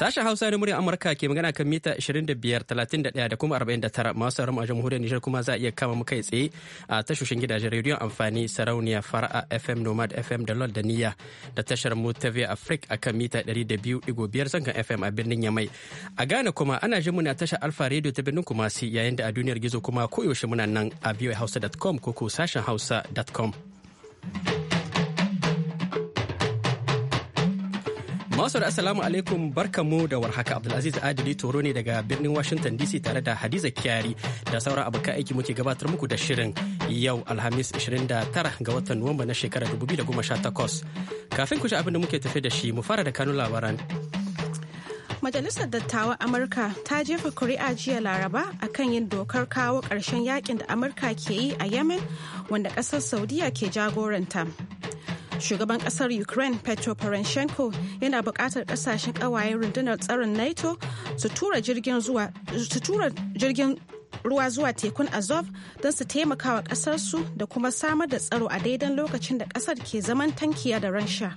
Sashen Hausa na murya Amurka ke magana kan mita 25,31 da kuma 49 masu sauran a jamhuriyar Nijar kuma za a iya kama mu kai tsaye a tashoshin gidajen rediyon amfani sarauniya fara'a FM Nomad FM da Lord da da tashar mu ta Via Africa a kan mita 200.5 zankan FM a birnin Yamai. A Ghana kuma ana jin muna tashar Alfa Radio ta birnin Kumasi yayin da a duniyar gizo kuma koyaushe muna nan a biyoyhausa.com ko ko sashen hausa.com. Masu da Assalamu alaikum barkamu da warhaka Abdulaziz Adili Toro ne daga birnin Washington DC tare da Hadiza Kyari da sauran abokan aiki muke gabatar muku da shirin yau Alhamis 29 ga watan Nuwamba na shekarar 2018. Kafin ku ji abin da muke tafi da shi mu fara da kanun labaran. Majalisar Dattawan Amurka ta jefa kuri'a jiya Laraba a kan yin dokar kawo ƙarshen yakin da Amurka ke yi a Yemen wanda ƙasar Saudiya ke jagoranta. shugaban kasar ukraine petro poroshenko yana bukatar kasashen ƙawayen rundunar tsarin nato su tura jirgin ruwa zuwa tekun azov don su taimaka wa ƙasarsu da kuma samar da tsaro a daidan lokacin da kasar ke zaman tankiya da rasha.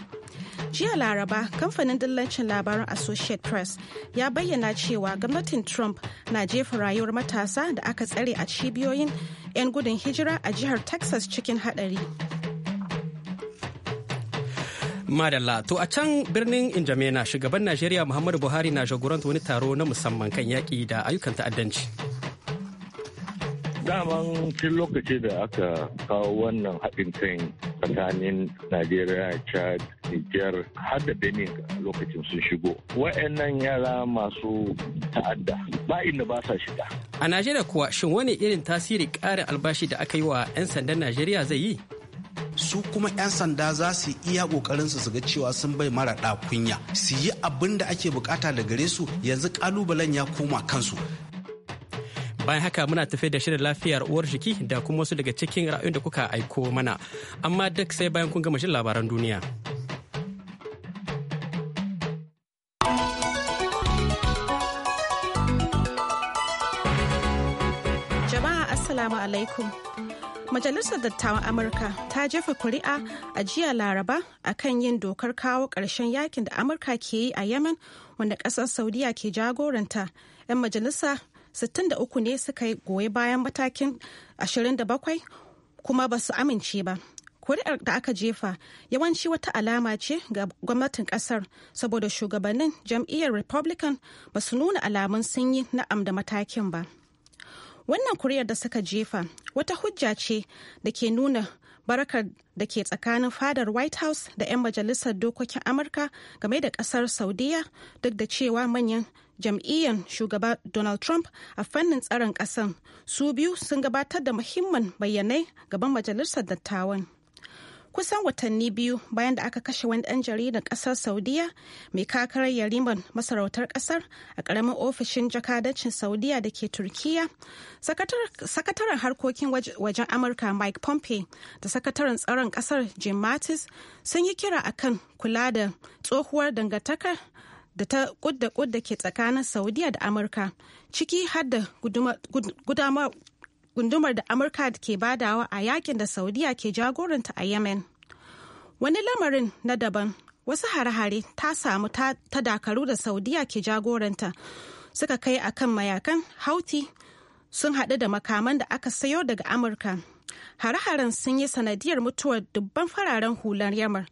jiya laraba kamfanin dillancin labaran associate press ya bayyana cewa gwamnatin trump na jefa rayuwar matasa da aka tsare a cibiyoyin 'yan gudun hijira a jihar texas cikin hadari Madalla to a can birnin Injamena shugaban Najeriya Muhammadu Buhari na jagoranta wani taro na musamman kan yaƙi da ayyukan ta'addanci. Daman cin lokaci da aka kawo wannan haɗin kai tsakanin Najeriya, Chad, Niger har da Benin lokacin sun shigo. Wa'annan yara masu ta'adda ba inda ba sa shiga. A Najeriya kuwa shin wani irin tasiri ƙarin albashi da aka yi wa 'yan sandan Najeriya zai yi? su kuma 'yan sanda za su iya kokarin su ga cewa sun bai mara kunya su yi abin da ake bukata da gare su yanzu kalubalen ya koma kansu bayan haka muna tafe da shirin lafiyar uwar jiki da kuma wasu daga cikin ra'ayoyin da kuka aiko mana amma duk sai bayan kun gama shirin labaran duniya jama'a assalamu alaikum Majalisar Dattawan Amurka ta jefa kuri'a a jiya Laraba a kan yin dokar kawo ƙarshen yakin da Amurka ke yi a Yemen wanda ƙasar Saudiya ke jagoranta. 'Yan majalisa 63 ne suka yi goyi bayan matakin 27 kuma ba su amince ba. kuri'ar da aka jefa yawanci wata alama ce ga gwamnatin ƙasar saboda shugabannin jam'iyyar republican ba su nuna alamun sun yi na'am da matakin ba. wannan kuriyar da suka jefa wata hujja ce da ke nuna barakar da ke tsakanin fadar white house da 'yan majalisar dokokin amurka game da kasar saudiya duk da cewa manyan jam'iyyar shugaba donald trump a fannin tsaron kasan su biyu sun gabatar da muhimman bayanai gaban majalisar dattawan kusan watanni biyu bayan da aka kashe wani ɗan jaridar ƙasar saudiya mai kakarar yariman masarautar ƙasar a ƙaramin ofishin jakadancin saudiya da ke turkiya sakataren harkokin wajen amurka mike pompey da sakataren tsaron ƙasar jim mattis sun yi kira akan kula da tsohuwar dangantaka da ta kudda kudda ke tsakanin saudiya da amurka ciki har da gundumar da amurka ke badawa a yakin da saudiya ke jagoranta a yemen wani lamarin na daban wasu hare-hare ta samu ta dakaru da saudiya ke jagoranta suka kai a kan mayakan hauti sun haɗu da makaman da aka sayo daga amurka hare-haren sun yi sanadiyar mutuwar dubban fararen hular yamar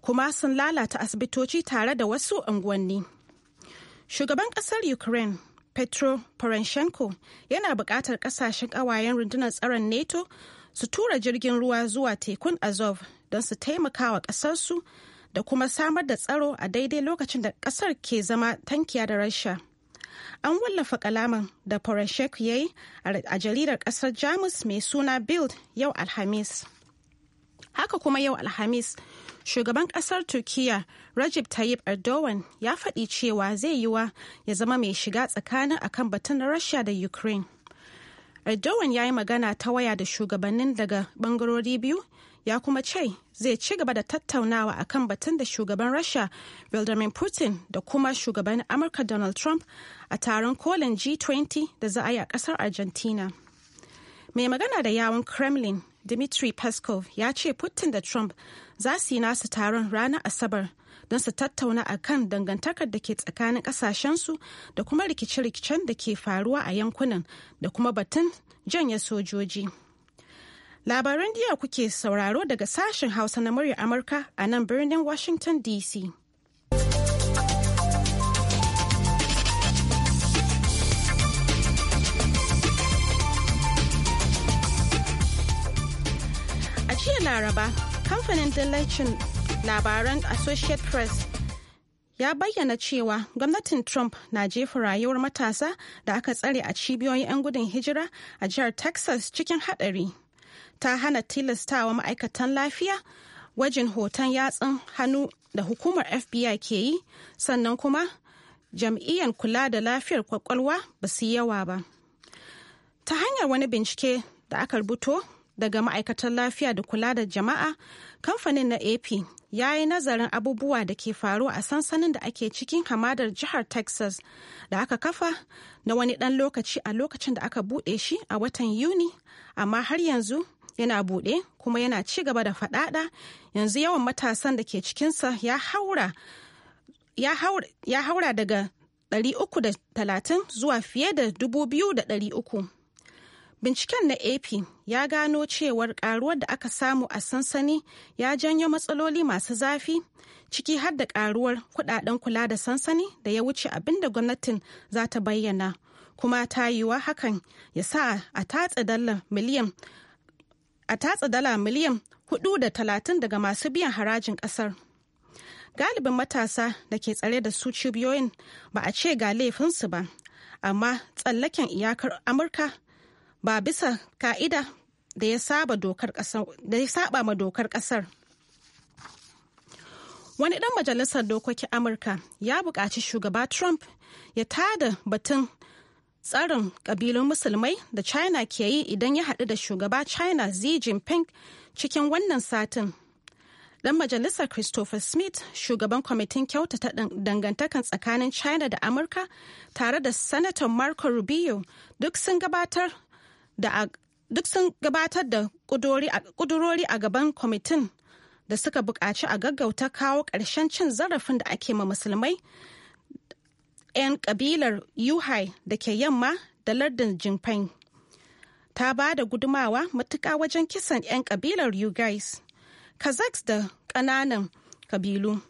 kuma sun lalata asibitoci tare da wasu unguwanni shugaban ƙasar ukraine petro poroshenko yana buƙatar ƙasashen ƙawayen rundunar tsaron nato su tura jirgin ruwa zuwa tekun azov don su taimaka wa ƙasarsu da kuma samar da tsaro a daidai lokacin da ƙasar ke zama tankiya da rasha an wallafa kalaman da poroshenko ya yi a jaridar ƙasar jamus mai suna bild yau alhamis haka kuma yau alhamis shugaban kasar turkiya rajib tayyip erdogan ya faɗi cewa zai yiwa ya zama mai shiga tsakanin akan batun rasha da ukraine erdogan ya yi magana ta waya da shugabannin daga bangarori biyu ya kuma ce zai ci gaba da tattaunawa akan batun da shugaban rasha vladimir putin da kuma shugaban amurka donald trump a taron kolin g20 da za a yi a kasar argentina mai magana da yawon kremlin Dmitry Peskov ya ce Putin da Trump za su yi nasu taron ranar Asabar don su tattauna a kan dangantakar da ke tsakanin kasashensu da kuma rikice-rikicen da ke faruwa a yankunan da kuma batun janye sojoji. Labaran jiya kuke sauraro daga sashen Hausa na murya Amurka a nan birnin Washington DC. Laraba, kamfanin dillacin labaran Associate Press ya bayyana cewa gwamnatin Trump na jefa rayuwar matasa da aka tsare a cibiyoyin 'yan gudun hijira a jihar Texas cikin hadari Ta hana tilastawa ma'aikatan lafiya gwajin hoton yatsun hannu da hukumar FBI ke yi, sannan kuma jam'iyyar kula da lafiyar kwakwalwa ba su yawa ba. Ta hanyar wani bincike da aka rubuto daga ma'aikatar lafiya da kula da jama'a kamfanin na ap ya yi nazarin abubuwa da ke faruwa a sansanin da ake cikin hamadar jihar texas da aka kafa na wani ɗan lokaci a lokacin da aka buɗe shi a watan yuni amma har yanzu yana buɗe kuma yana ci gaba da faɗaɗa yanzu yawan matasan da ke cikinsa ya haura ya haura, ya haura daga 330 zuwa fiye da 2,300 Binciken na AP ya gano cewar karuwar da aka samu a sansani ya janyo matsaloli masu zafi ciki har da karuwar kudaden kula da sansani da ya wuce abin da gwamnatin za ta bayyana kuma ta yiwa hakan ya sa a tatsa dala miliyan huɗu da talatin daga masu biyan harajin kasar galibin matasa da ke tsare da su cibiyoyin ba a ce ga laifinsu ba amma tsallaken iyakar amurka ba bisa ka'ida da ya saba ma dokar kasar wani dan majalisar dokokin amurka ya buƙaci shugaba trump ya tada batun tsarin ƙabilun musulmai da china ke yi idan ya haɗu da shugaba china xi jinping cikin wannan satin dan majalisar christopher smith shugaban kwamitin kyautata dangantakan tsakanin china da amurka tare da sanator marco rubio duk sun gabatar da duk sun gabatar da kudurori a gaban kwamitin da suka buƙaci a gaggauta kawo ƙarshen cin zarafin da ake ma musulmai 'yan ƙabilar yuhai da ke yamma da lardin jinfan ta ba da gudumawa matuƙa wajen kisan 'yan ƙabilar yugais kazaks da ƙananan ƙabilu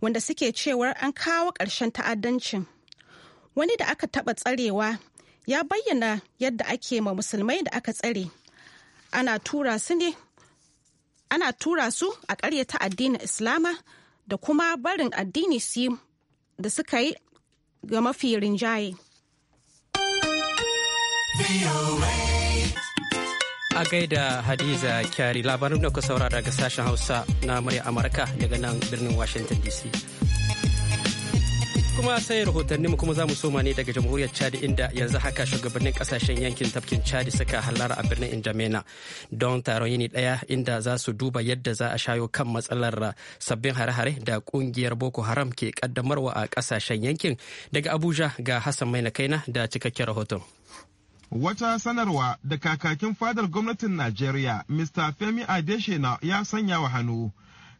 wanda suke cewar an kawo ƙarshen ta'addancin wani da aka taɓa tsarewa ya bayyana yadda ake ma musulmai da aka tsare ana tura su ne ana tura su a ta addinin islama da kuma barin addini su da suka yi ga mafi rinjaye a gaida hadiza kyari labarin da ku saurara daga sashen hausa na murya amurka daga nan birnin washington dc kuma sai rahotanninmu kuma za mu soma ne daga jamhuriyar chad inda yanzu haka shugabannin kasashen yankin tafkin chad suka halara a birnin injamena don taron yini daya inda za su duba yadda za a shayo kan matsalar sabbin hare-hare da kungiyar boko haram ke kaddamarwa a kasashen yankin daga abuja ga hassan mai na kaina da cikakken rahoton Wata sanarwa da kakakin fadar gwamnatin Najeriya, Mr. Femi Adeshina ya sanya wa hannu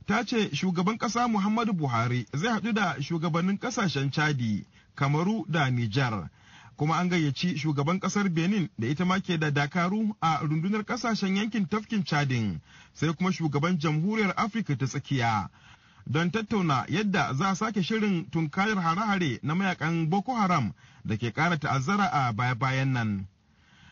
ta ce shugaban ƙasa Muhammadu Buhari zai haɗu da shugabannin ƙasashen Chadi, Kamaru da Nijar. Kuma an gayyaci shugaban ƙasar Benin da ita ma ke da dakaru a rundunar ƙasashen yankin tafkin Chadin, sai kuma shugaban jamhuriyar Afirka ta tsakiya. Don tattauna yadda za a sake shirin tunkayar hare-hare na mayakan Boko Haram da ke ƙara ta'azzara a baya-bayan nan.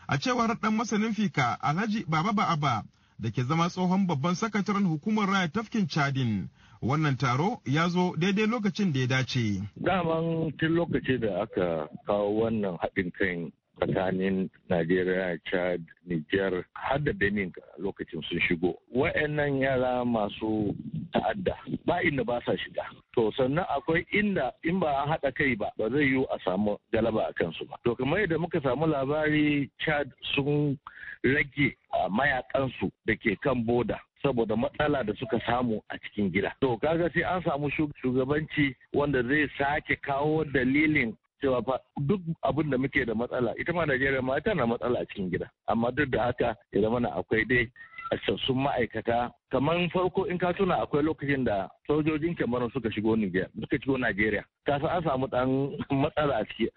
A cewar ɗan masanin fika Alhaji Baba Ba'aba, da ke zama tsohon babban sakataren hukumar raya tafkin chadin wannan taro ya zo daidai lokacin da ya dace. Daman tun lokaci da aka kawo wannan haɗin kan tsakanin Najeriya, Chad, Niger har da Benin lokacin sun shigo. Wa'annan yara masu ta'adda ba inda ba sa shiga. To sannan akwai inda in ba an haɗa kai ba ba zai yiwu a samu galaba a kansu ba. To kamar yadda muka samu labari Chad sun rage a mayakansu da ke kan boda saboda matsala da suka samu a cikin gida. To kaga sai an samu shugabanci wanda zai sake kawo dalilin cewa fa duk abin da muke da matsala ita ma Najeriya ma tana matsala a cikin gida amma duk da haka ya zama akwai dai sassun ma'aikata kamar farko in ka tuna akwai lokacin da sojojin kamaru suka shigo Niger suka shigo Najeriya ka an samu dan matsala a ciki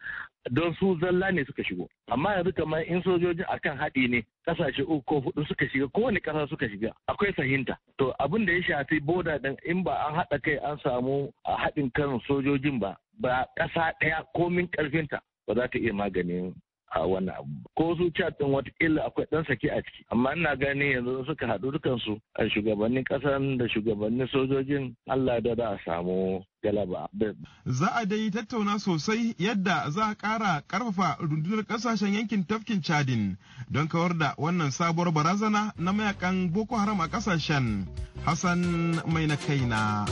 don su zalla ne suka shigo amma yanzu kamar in sojojin akan haɗi ne kasashe uku ko hudu suka shiga kowane kasa suka shiga akwai fahimta to abin da ya shafi boda din in ba an haɗa kai an samu haɗin kan sojojin ba ba ƙasa ɗaya komin ƙarfinta ba za ta iya maganin a wannan abu ko su chat wata watakila akwai dan saki a ciki amma ina gani yanzu suka haɗu dukansu a shugabannin ƙasan da shugabannin sojojin Allah da za a samu galaba. Za a dai tattauna sosai yadda za a ƙara ƙarfafa rundunar ƙasashen yankin tafkin Chadin don kawar da wannan sabuwar barazana na mayakan Boko Haram a ƙasashen. Hassan mai na kaina,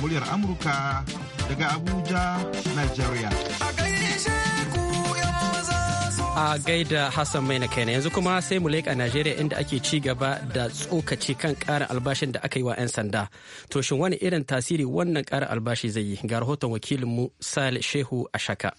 muryar Amurka daga Abuja, Nigeria. a gaida hassan maina kenan yanzu kuma sai mu leƙa najeriya inda ake ci gaba da tsokaci kan ƙarin albashin da aka yi wa 'yan sanda to shin wani irin tasiri wannan ƙarin albashi zai yi ga rahoton wakilin mu sal shehu ashaka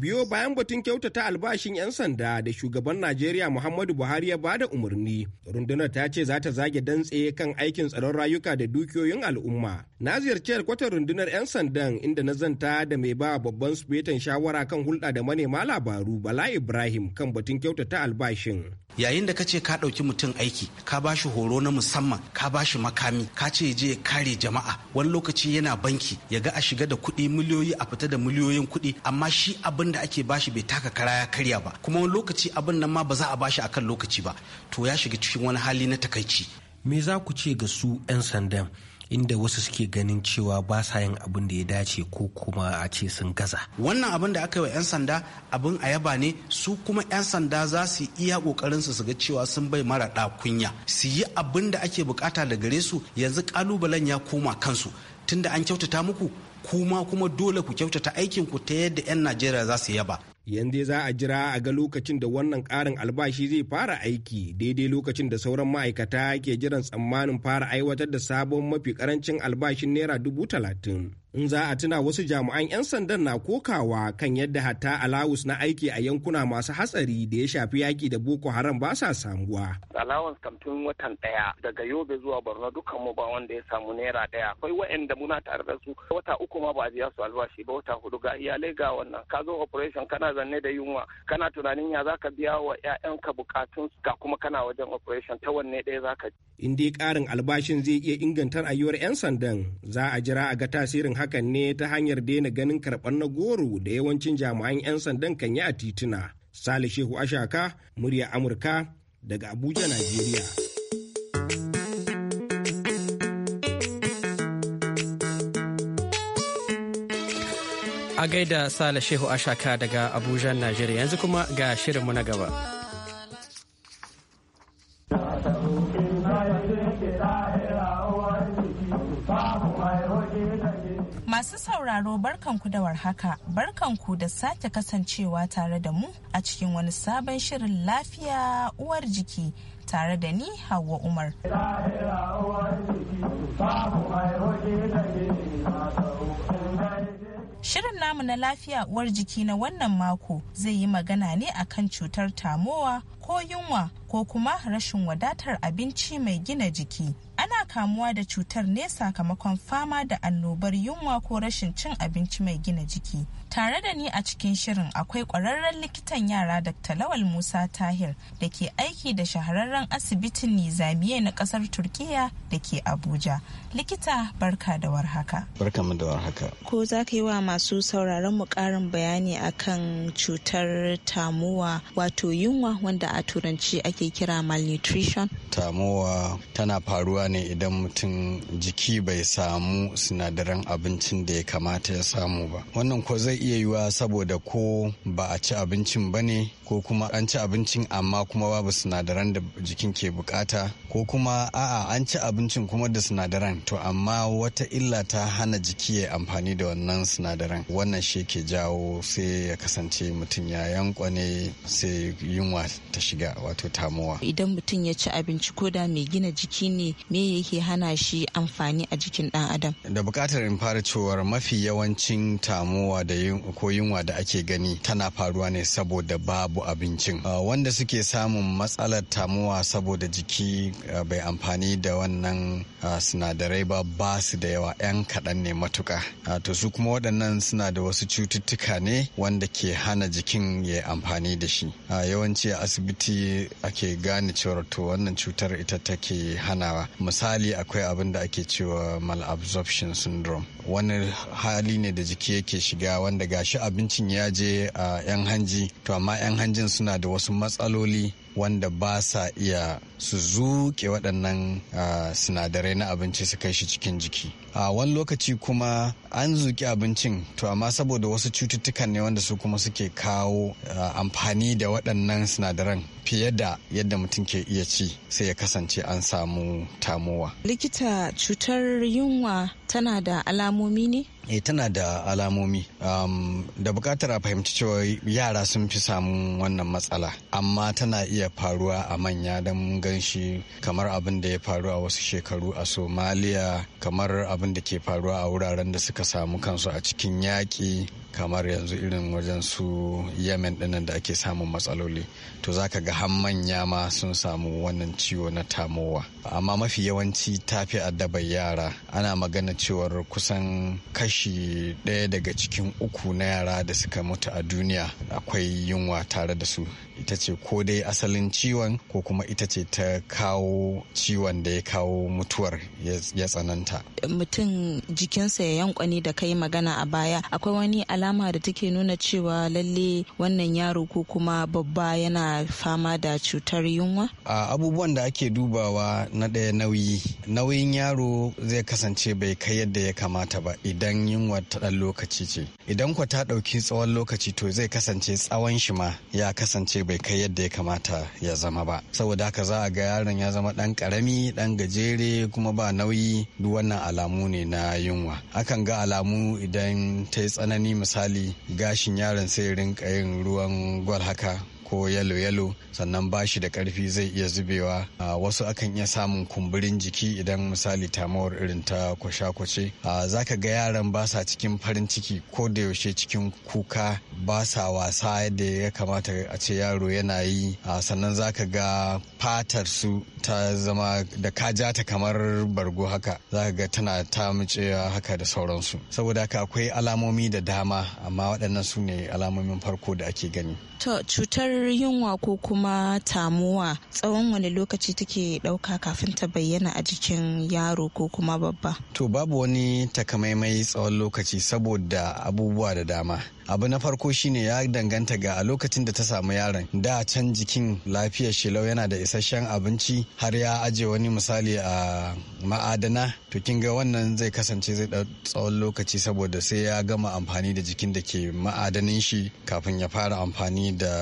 biyo bayan batun kyautata albashin 'yan sanda da shugaban najeriya muhammadu buhari ya bada umarni rundunar ta ce za ta zage dantse kan aikin tsaron rayuka da dukiyoyin al'umma Na ziyarci kwatar rundunar 'yan sandan inda na zanta da mai ba babban sufetan shawara kan hulɗa da manema labaru Bala Ibrahim kan batun kyautata albashin. Yayin da ka ce ka ɗauki mutum aiki, ka ba shi horo na musamman, ka ba shi makami, ka ce je kare jama'a, wani lokaci yana banki, ya ga a shiga da kuɗi miliyoyi a fita da miliyoyin kuɗi, amma shi abin da ake bashi bai taka kara ya karya ba, kuma wani lokaci abin nan ma ba za a bashi akan lokaci ba, to ya shiga cikin wani hali na takaici. Me za ku ce ga su 'yan sandan? inda wasu suke ganin cewa ba sa yin abin da ya dace ko kuma a ce sun gaza wannan abin da aka yi wa 'yan sanda abin a yaba ne su kuma 'yan sanda za su iya kokarin su ga cewa sun bai mara kunya su yi abin da ake bukata da gare su yanzu kalubalen ya koma kansu tunda an kyautata muku kuma kuma dole ku kyautata aikin ku ta yadda 'yan najeriya za su yaba yanzu za a jira a ga lokacin da wannan ƙarin albashi zai fara aiki daidai lokacin da sauran ma'aikata ke jiran tsammanin fara aiwatar da sabon mafi ƙarancin albashin naira dubu talatin In za a tuna wasu jami'an 'yan sandan na kokawa kan yadda hatta alawus na aiki a yankuna masu hatsari da ya shafi yaki da Boko Haram ba sa samuwa. Alawus tun watan daya daga Yobe zuwa Borno dukkan mu ba wanda ya samu naira daya Akwai wa'anda muna tare da su wata uku ma ba a biya su albashi ba wata hudu ga iyalai ga wannan. Ka zo operation kana zanne da yunwa kana tunanin ya zaka biya wa 'ya'yanka bukatun ga kuma kana wajen operation ta wanne ɗaya zaka. In dai ƙarin albashin zai iya inganta rayuwar 'yan sandan za a jira a ga tasirin haka hakan ne ta hanyar daina ganin karɓar na goro da yawancin jami'an 'yan sandan kan yi a tituna. Sale Shehu Ashaka, murya Amurka daga Abuja, Najeriya. A gaida Sale Shehu Ashaka daga Abuja, Najeriya yanzu kuma ga shirinmu na gaba. Masu sauraro barkanku da warhaka, barkanku da sake kasancewa tare da mu a cikin wani sabon shirin lafiya uwar jiki tare da ni Hauwa Umar. Shirin namu na lafiya uwar jiki na wannan mako zai yi magana ne akan cutar tamowa ko yunwa ko kuma rashin wadatar abinci mai gina jiki ana kamuwa da cutar ne sakamakon fama da annobar yunwa ko rashin cin abinci mai gina jiki tare da ni a cikin shirin akwai kwararren likitan yara dr lawal musa tahir da ke aiki da shahararren asibitin nizamiye na kasar turkiyya da ke abuja likita barka da warhaka barka mu da warhaka ko za ka yi wa masu sauraron mu karin bayani akan cutar tamuwa wato yunwa wanda a turanci ake kira malnutrition tamowa tana faruwa ne idan mutum jiki bai samu sinadaran abincin da ya kamata ya samu ba wannan ko zai iya yiwa saboda ko ba a ci abincin ba ne ko kuma an ci abincin amma kuma babu sinadaran da jikin ke bukata ko kuma a'a an ci abincin kuma da sinadaran to amma wata illa ta hana jiki ya amfani da wannan sinadaran wannan shi ke jawo sai ya kasance mutum ya yankwane sai yunwa ta shiga wato tamowa idan mutum ya ci abincin. abinci ko da mai gina jiki ne me yake hana shi amfani a jikin dan adam da bukatar in fara cewar mafi yawancin tamuwa da ko yunwa da ake gani tana faruwa ne saboda babu abincin ah, wanda suke samun matsalar tamuwa saboda jiki ah, bai amfani da wannan ah, sinadarai ba ba su da yawa 'yan kaɗan ne matuka to su kuma waɗannan suna da wasu cututtuka ne wanda ke hana jikin ya amfani da shi yawanci a asibiti ake gane cewar to wannan cutar ita take hanawa misali akwai abin da ake cewa malabsorption syndrome wani hali ne da jiki yake shiga wanda gashi abincin ya je a 'yan hanji to amma 'yan hanjin suna da wasu matsaloli wanda ba sa iya su zuke waɗannan sinadarai na abinci su kai shi cikin jiki a wani lokaci kuma an zuki abincin to amma saboda wasu cututtukan ne wanda su kuma suke kawo amfani da waɗannan sinadaran fiye da yadda mutum ke iya ci sai ya kasance an samu tamowa likita cutar yunwa tana da alamomi ne? Eh tana da alamomi um, da bukatar a fahimci cewa yara sun fi samun wannan matsala amma tana iya faruwa a manya don ganshi kamar abin da ya faru a wasu shekaru a somaliya kamar abin da ke faruwa a wuraren da suka samu kansu a cikin yaƙi kamar yanzu irin wajen su yemen dinnan da ake samun matsaloli to za ka ga har manya ma sun samu wannan ciwo na tamowa amma mafi yawanci ta fi addabar yara ana magana cewar kusan kashi ɗaya daga cikin uku na yara da suka mutu a duniya akwai yunwa tare da su ita ce ko dai asalin ciwon ko kuma ita ce ta kawo ciwon da ya kawo mutuwar ya tsananta mutum jikinsa ya yankwani da kai magana a baya akwai wani alama da take nuna cewa lalle wannan yaro ko kuma babba yana fama da cutar yunwa abubuwan da ake dubawa na ɗaya nauyi nauyin yaro zai kasance bai kai yadda ya kamata ba idan yunwa ta ɗan lokaci ce idan kwa ta ɗauki tsawon lokaci to zai kasance tsawon shi ma ya kasance bai kai yadda ya kamata ya zama ba saboda haka za a ga yaron ya zama dan karami dan gajere kuma ba nauyi duk wannan alamu ne na yunwa akan ga alamu idan ta yi tsanani misali gashin yaron sai rinka yin ruwan gwal haka ko yalo-yalo sannan ba shi da karfi zai iya zubewa a wasu akan iya samun kumburin jiki idan misali tamawar irin ta kwasha kwashe za ka ga yaran ba sa cikin farin ciki ko da yaushe cikin kuka ba sa wasa yadda ya kamata a ce yaro yana yi sannan za ka ga fatar su ta zama da kaja ta kamar bargo haka za ka ga tana ta mucewa haka da sauransu saboda haka akwai alamomi da dama amma waɗannan su ne alamomin farko da ake gani To cutar yunwa ko kuma tamuwa tsawon wani lokaci take ɗauka kafin ta bayyana a jikin yaro ko kuma babba? To babu wani takamaimai tsawon lokaci saboda abubuwa da dama. abu na farko shine ya danganta ga a lokacin da ta samu yaron da can jikin lafiyar shilau yana da isasshen abinci har ya aje wani misali a ma'adana to kin ga wannan zai kasance zai da tsawon lokaci saboda sai ya gama amfani da jikin da ke ma'adanin shi kafin ya fara amfani da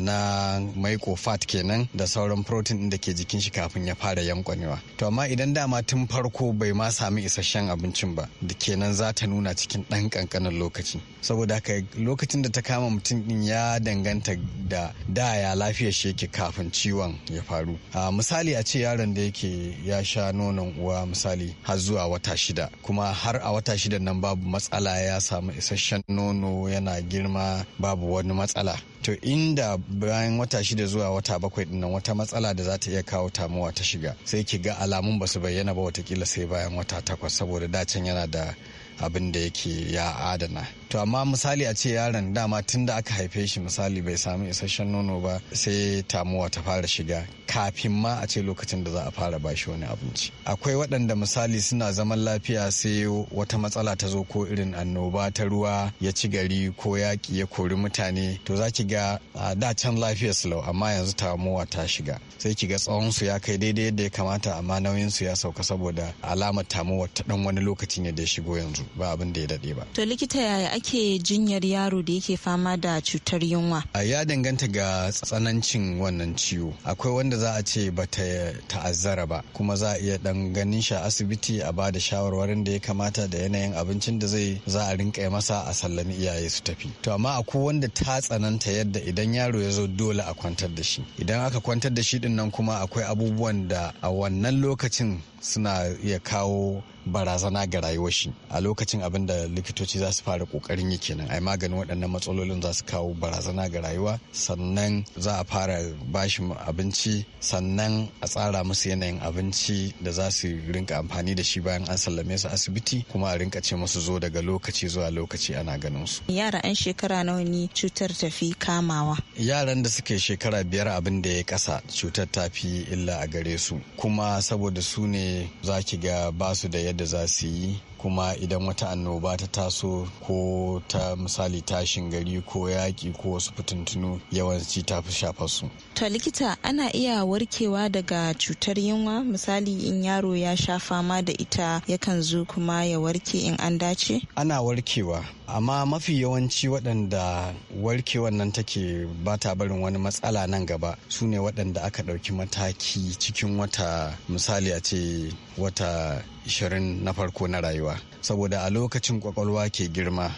na maiko fat kenan da sauran protein da ke jikin shi kafin ya fara yankwanewa to amma idan dama tun farko bai ma sami isasshen abincin ba da kenan za ta nuna cikin ɗan ƙanƙanin lokaci saboda haka lokacin da ta kama mutum din ya danganta da da ya lafiya shi yake kafin ciwon ya faru a misali a ce yaron da yake ya sha nonon uwa misali har zuwa wata shida kuma har a wata shida nan babu matsala ya samu isasshen nono yana girma babu wani matsala to inda bayan wata shida zuwa wata bakwai dinnan wata matsala da za ta iya kawo tamuwa ta shiga sai ki ga alamun ba su bayyana ba watakila sai bayan wata takwas saboda dacin yana da abin da yake ya adana to amma misali a ce yaron dama tun da aka haife shi misali bai samu isasshen nono ba sai tamuwa ta fara shiga kafin ma a ce lokacin da za a fara bashi wani abinci akwai waɗanda misali suna zaman lafiya sai wata matsala ta zo ko irin annoba ta ruwa ya ci gari ko yaƙi ya kori mutane to za ki ga da can lafiya su lau amma yanzu tamuwa ta shiga sai ki ga tsawon su ya kai daidai yadda ya kamata amma nauyin su ya sauka saboda alamar tamuwa ta dan wani lokacin ya ya shigo yanzu ba abin da ya daɗe ba to likita yaya ake jinyar yaro da yake fama da cutar yunwa? Ya danganta ga tsanancin wannan ciwo. Akwai wanda za a ce ba ta ta'azzara ba, kuma za a iya dan ganin shi a asibiti a ba da shawarwarin da ya kamata da yanayin abincin da zai za a rinka masa a sallami iyaye su tafi. To amma akwai wanda ta tsananta yadda idan yaro ya zo dole a kwantar da shi. Idan aka kwantar da shi din nan kuma akwai abubuwan da a wannan lokacin suna iya kawo barazana ga rayuwar shi a lokacin abin da likitoci za su fara kokarin yi kenan ai maganin waɗannan matsalolin za su kawo barazana ga rayuwa sannan za a fara bashi abinci sannan a tsara musu yanayin abinci da za su rinka amfani da shi bayan an sallame su asibiti kuma a rinka ce musu zo daga lokaci zuwa lokaci ana ganin su yara an shekara nawa ne cutar tafi kamawa yaran da suke shekara biyar abin da ya kasa cutar ta fi illa a gare su kuma saboda su ne za ki ga basu da yadda za su yi kuma idan wata annoba ta taso ko ta misali tashin gari ko yaƙi ko wasu fitintunu yawanci ta fi shafar su. Ta likita ana iya warkewa daga cutar yunwa misali in yaro ya sha fama da ita yakan zo kuma ya warke in an dace? Ana warkewa amma mafi yawanci waɗanda warkewar nan take ba ta barin wani matsala nan gaba su ne waɗanda aka ɗauki mataki cikin wata misali a ce wata 20 na farko na rayuwa saboda a lokacin kwakwalwa ke girma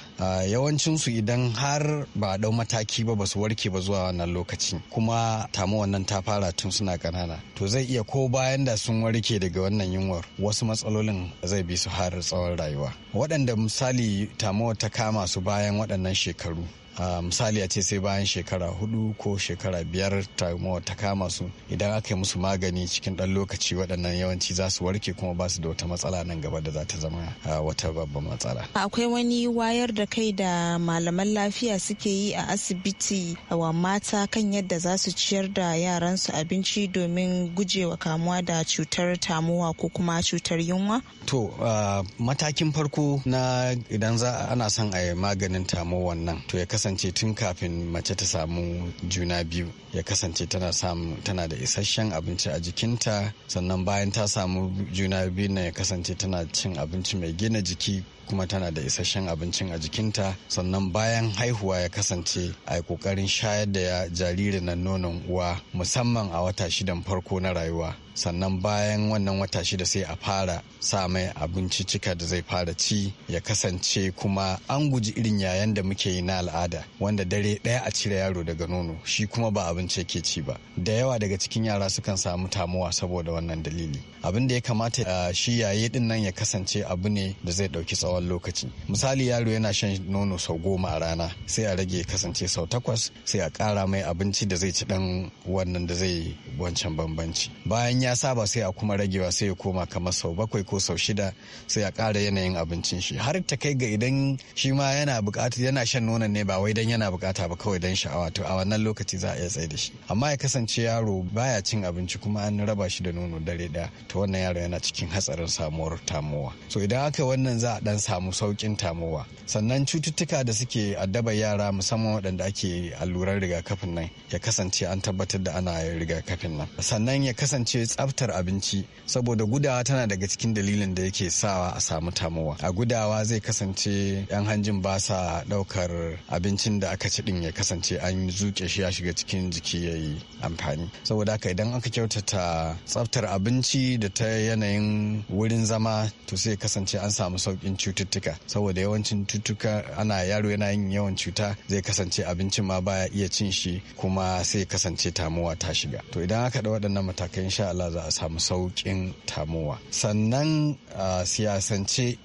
yawancinsu idan har ba dau mataki ba basu warke ba zuwa wannan lokaci kuma tamu wannan ta fara tun suna kanana to zai iya ko bayan da sun warke daga wannan yunwar wasu matsalolin zai bi su har tsawon rayuwa waɗanda misali tamuwa ta kama su bayan waɗannan shekaru Ah, misali a ce sai bayan shekara hudu ko shekara biyar tamuwa ta kama su idan aka yi musu magani cikin ɗan lokaci waɗannan yawanci za su warke kuma ba su da wata matsala nan gaba da za ta zama ah, wata babban matsala. akwai wani wayar da kai da malaman lafiya suke yi a asibiti wa mata kan yadda za su ciyar da yaransu abinci domin gujewa kamuwa da cutar tamuwa ko kuma cutar yunwa? to ah, matakin farko na idan za ana son a yi maganin tamuwan nan to ya kasa. kasance tun kafin mace ta samu juna biyu ya kasance tana da isasshen abinci a jikinta sannan bayan ta samu juna biyu na ya kasance tana cin abinci mai gina jiki kuma tana da isasshen abincin a jikinta sannan bayan haihuwa ya kasance a kokarin shayar da jaririn nan nonon uwa musamman a wata shidan farko na rayuwa sannan bayan wannan wata shida sai a fara sa mai abinci cika da zai fara ci ya kasance kuma an guji irin yayan da muke yi na al'ada wanda dare ɗaya a cire yaro daga nono shi kuma ba abinci yake ci ba da yawa daga cikin yara sukan samu tamuwa saboda wannan dalili abin da ya kamata shi yaye din nan ya kasance abu ne da zai ɗauki tsawon tsawon lokaci misali yaro yana shan nono sau goma a rana sai a rage kasance sau takwas sai a ƙara mai abinci da zai ci dan wannan da zai wancan bambanci bayan ya saba sai a kuma ragewa sai ya koma kamar sau bakwai ko sau shida sai a ƙara yanayin abincin shi har ta kai ga idan shi ma yana bukata yana shan nonon ne ba wai dan yana bukata ba kawai dan sha'awa to a wannan lokaci za a iya tsaye da shi amma ya kasance yaro baya cin abinci kuma an raba shi da nono dare daya to wannan yaro yana cikin hatsarin samuwar tamowa so idan aka wannan za a dan samu saukin tamowa sannan cututtuka da suke addaba yara musamman waɗanda ake allurar rigakafin nan ya kasance an tabbatar da ana rigakafin nan sannan ya kasance tsaftar abinci saboda gudawa tana daga cikin dalilin da yake sawa a samu tamowa a gudawa zai kasance yan hanjin ba sa ɗaukar abincin da aka ci din ya kasance an zuke shi ya shiga cikin jiki ya yi amfani saboda haka idan aka kyautata tsaftar abinci da ta yanayin wurin zama to sai kasance an samu saukin cututtuka saboda yawancin cututtuka ana yaro yana yin yawan cuta zai kasance abincin ma baya iya cin shi kuma sai kasance tamuwa ta shiga to idan aka da waɗannan matakai insha Allah za a samu saukin tamuwa sannan siyasance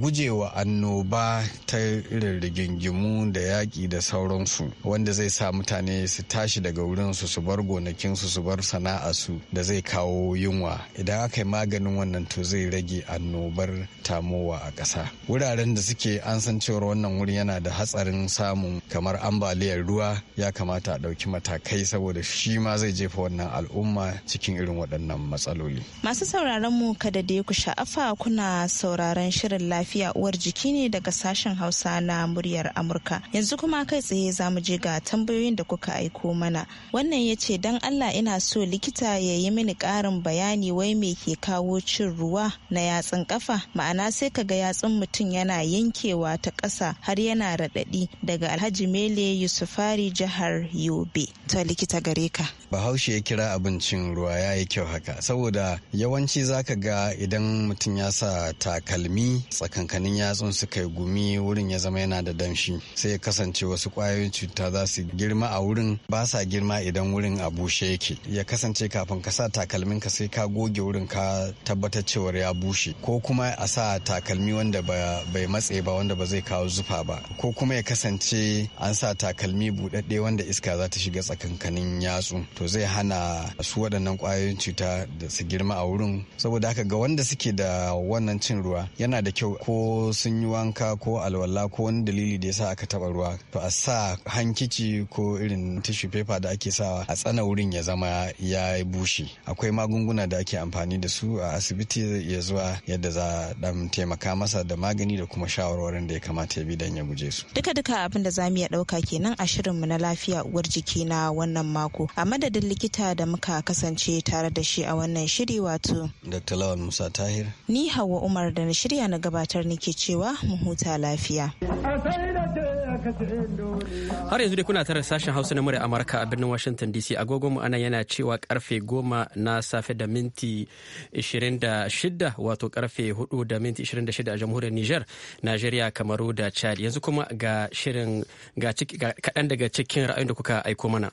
gujewa annoba ta irin rigingimu da yaƙi da sauransu wanda zai sa mutane su tashi daga wurin su su bar gonakinsu su bar sana'a su da zai kawo yunwa idan aka yi maganin wannan to zai rage annobar tamowa a ƙasa wuraren da suke an san cewar wannan wuri yana da hatsarin samun kamar ambaliyar ruwa ya kamata a ɗauki matakai saboda shi ma zai jefa wannan al'umma cikin irin waɗannan matsaloli. Masu sauraron mu kada da ku sha'afa kuna sauraron shirin lafiya uwar jiki ne daga sashen Hausa na muryar Amurka. Yanzu kuma kai tsaye za mu je ga tambayoyin da kuka aiko mana. Wannan ya ce dan Allah ina so likita ya yi mini ƙarin bayani wai me ke kawo cin ruwa na yatsun kafa ma'ana sai ka ga yatsun mu mutum yana yankewa ta ƙasa har yana raɗaɗi daga alhaji mele yusufari jihar yobe ta likita gare ka bahaushe ya kira abincin ruwa ya yi kyau haka saboda yawanci zaka ga idan mutum ya sa takalmi tsakankanin yatsun su kai gumi wurin ya zama yana da damshi sai ya kasance wasu ƙwayoyin cuta za su girma a wurin ba sa girma idan wurin a bushe yake ya kasance kafin ka sa takalmin ka sai ka goge wurin ka tabbatar cewar ya bushe ko kuma a sa takalmi wanda bai matse ba wanda ba zai kawo zufa ba ko kuma ya kasance an sa takalmi buɗaɗɗe wanda iska za ta shiga tsakankanin yatsu to zai hana su waɗannan ƙwayoyin cuta da su girma a wurin saboda haka ga wanda suke da wannan cin ruwa yana da kyau ko sun yi wanka ko alwala ko wani dalili da ya sa aka taɓa ruwa to a sa hankici ko irin tishu fefa da ake sawa a tsana wurin ya zama ya bushe akwai magunguna da ake amfani da su a asibiti ya zuwa yadda za a taimaka masa da magani da kuma shawarwarin da ya kamata ya bi don ya guje su. Duka duka abin da zamu iya ɗauka kenan a mu na lafiya uwar jiki na wannan mako. A madadin likita da muka kasance tare da shi a wannan shiri wato. Dr. Lawal Musa Tahir. Ni Hauwa Umar da na shirya na gabatar nake cewa mu huta lafiya. Har yanzu dai kuna tare sashen Hausa na murya Amurka a birnin Washington DC agogon mu anan yana cewa karfe goma na safe da minti 26 wato karfe 4 da minti 26 a jamhuriyar Niger, Najeriya, Kamaru da Chad. Yanzu kuma ga shirin ga kaɗan daga cikin ra'ayin da kuka aiko mana.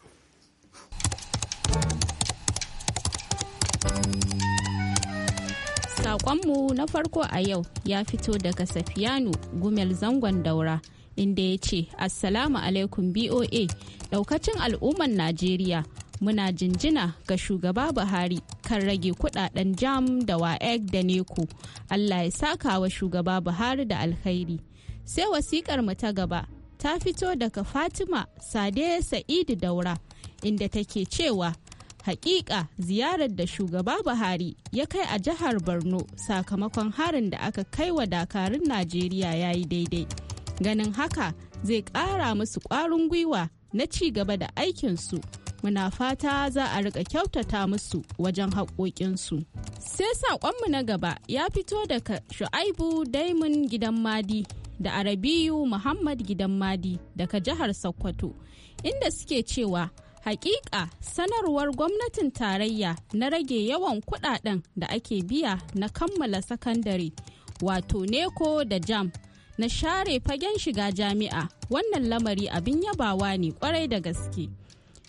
Saƙonmu na farko a yau ya fito daga Safiyanu Gumel Zangon Daura. inda ya ce assalamu alaikum boa daukacin al'ummar najeriya muna jinjina ga shugaba buhari kan rage kudaden jam da waec da neko allah ya saka wa shugaba buhari da alkhairi sai wasikar mu ta gaba ta fito daga fatima sade sa'idu daura inda take cewa hakika ziyarar da shugaba buhari ya kai a jihar borno sakamakon harin da aka kai wa dakarun najeriya ya yi daidai ganin haka zai ƙara musu ƙwarin gwiwa na ci gaba da aikinsu muna fata za a rika kyautata musu wajen haƙoƙinsu sai saƙonmu na gaba ya fito daga shu'aibu daimun gidan madi da arabiyu muhammad gidan madi daga jihar sokoto inda suke cewa hakika sanarwar gwamnatin tarayya na rage yawan kudaden da ake biya na kammala sakandare wato neko da jam na share fagen shiga jami'a wannan lamari abin yabawa ne kwarai da gaske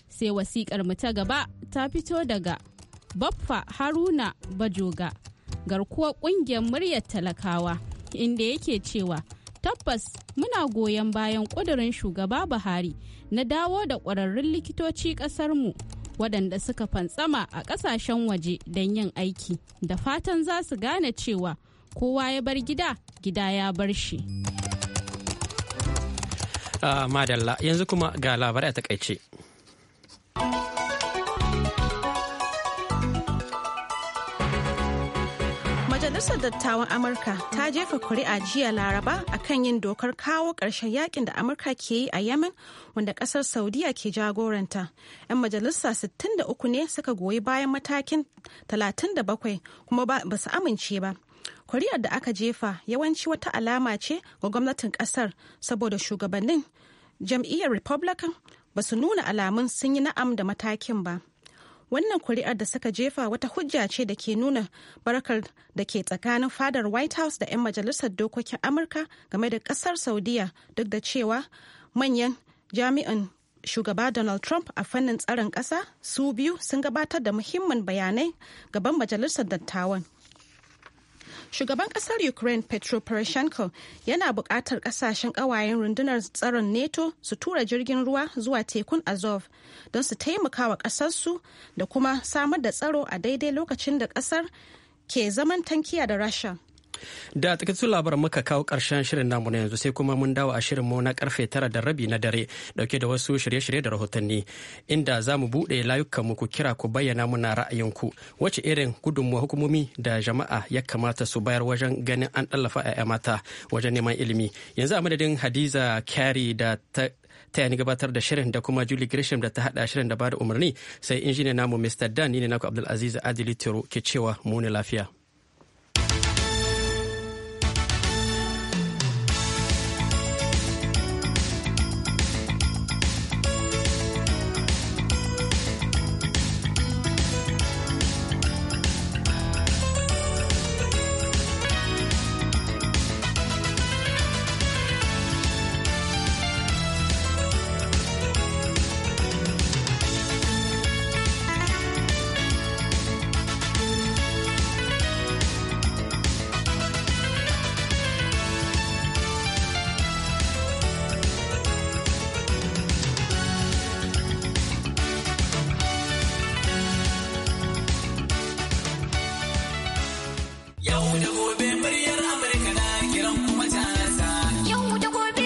sai wasikar mu ta gaba ta fito daga baffa haruna bajoga garkuwa ƙungiyar muryar talakawa inda yake cewa tabbas muna goyon bayan ƙudurin shugaba buhari na dawo da ƙwararrun likitoci ƙasarmu waɗanda suka fantsama a ƙasashen waje don yin aiki da fatan za su gane cewa kowa ya bar gida gida ya bar shi. Ah, madalla yanzu kuma ga labarai a takaice. Majalisar Dattawan Amurka ta jefa kuri'a jiya Laraba akan yin dokar kawo ƙarshen yakin da Amurka ke yi a Yemen wanda ƙasar Saudiya ke jagoranta. 'Yan majalisa 63 ne suka goyi bayan matakin 37 kuma ba su amince ba. kuri'ar da aka jefa yawanci wata alama ce ga gwamnatin kasar saboda shugabannin jam'iyyar republican ba su nuna alamun sun yi na'am da matakin ba wannan kuri'ar da suka jefa wata hujja ce da ke nuna barakar da ke tsakanin fadar white house da 'yan majalisar dokokin amurka game da kasar saudiya duk da cewa manyan jami'in shugaba Donald Trump a fannin tsarin ƙasa su biyu sun gabatar da muhimman bayanai gaban majalisar dattawan. Shugaban kasar Ukraine Petro Poroshenko yana buƙatar ƙasashen ƙawayen rundunar tsaron NATO su tura jirgin ruwa zuwa tekun Azov don su taimaka wa ƙasarsu da kuma samar da tsaro a daidai lokacin da ƙasar ke zaman tankiya da Rasha. Da takaitattun labaran muka kawo ƙarshen shirin namu na yanzu sai kuma mun dawo a shirinmu na karfe tara da rabi na dare dauke da wasu shirye-shirye da rahotanni inda za mu buɗe layukanmu ku kira ku bayyana muna ra'ayinku wace irin gudunmuwa hukumomi da jama'a ya kamata su bayar wajen ganin an ɗallafa 'ya'ya mata wajen neman ilimi. Yanzu a madadin Hadiza Kyari da ta ta yi gabatar da shirin da kuma Julie Gresham da ta hada shirin da ba da umarni sai injiniya namu Mr. Dan ne naku Abdulaziz Adili ke cewa mu ne lafiya.